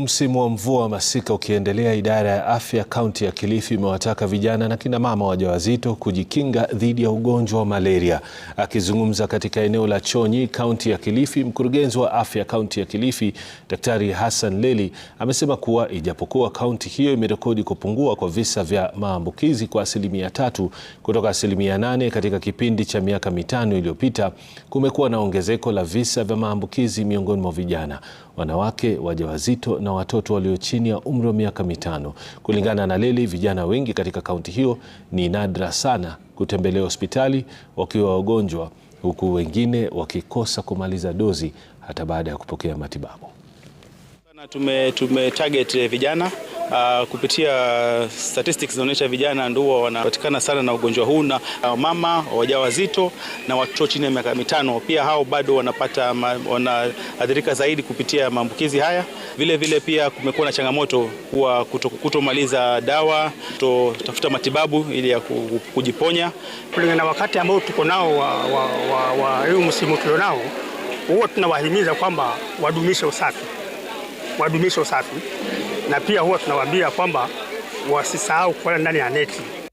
Msimu wa mvua wa masika ukiendelea, idara ya afya kaunti ya Kilifi imewataka vijana na kina mama wajawazito kujikinga dhidi ya ugonjwa wa malaria. Akizungumza katika eneo la Chonyi, kaunti ya Kilifi, mkurugenzi wa afya kaunti ya Kilifi, Daktari Hassan Leli amesema kuwa ijapokuwa kaunti hiyo imerekodi kupungua kwa visa vya maambukizi kwa asilimia tatu kutoka asilimia nane katika kipindi cha miaka mitano iliyopita, kumekuwa na ongezeko la visa vya maambukizi miongoni mwa vijana wanawake wajawazito na watoto walio chini ya umri wa miaka mitano. Kulingana na Leli, vijana wengi katika kaunti hiyo ni nadra sana kutembelea hospitali wakiwa wagonjwa, huku wengine wakikosa kumaliza dozi hata baada ya kupokea matibabu. Tume, tume target eh, vijana Uh, kupitia statistics zinaonyesha vijana ndio wanapatikana sana na ugonjwa huu na uh, mama wajawazito na watoto chini ya miaka mitano pia hao bado wanapata wanaathirika zaidi kupitia maambukizi haya. Vile vile pia kumekuwa na changamoto kuwa kutomaliza dawa, kutotafuta matibabu ili ya kujiponya kulingana na wakati ambao tuko nao wa, wa, wa, wa, wa msimu tulionao, huwa tunawahimiza kwamba wadumishe usafi wadumishe usafi, na pia huwa tunawaambia kwamba wasisahau kulala ndani ya neti.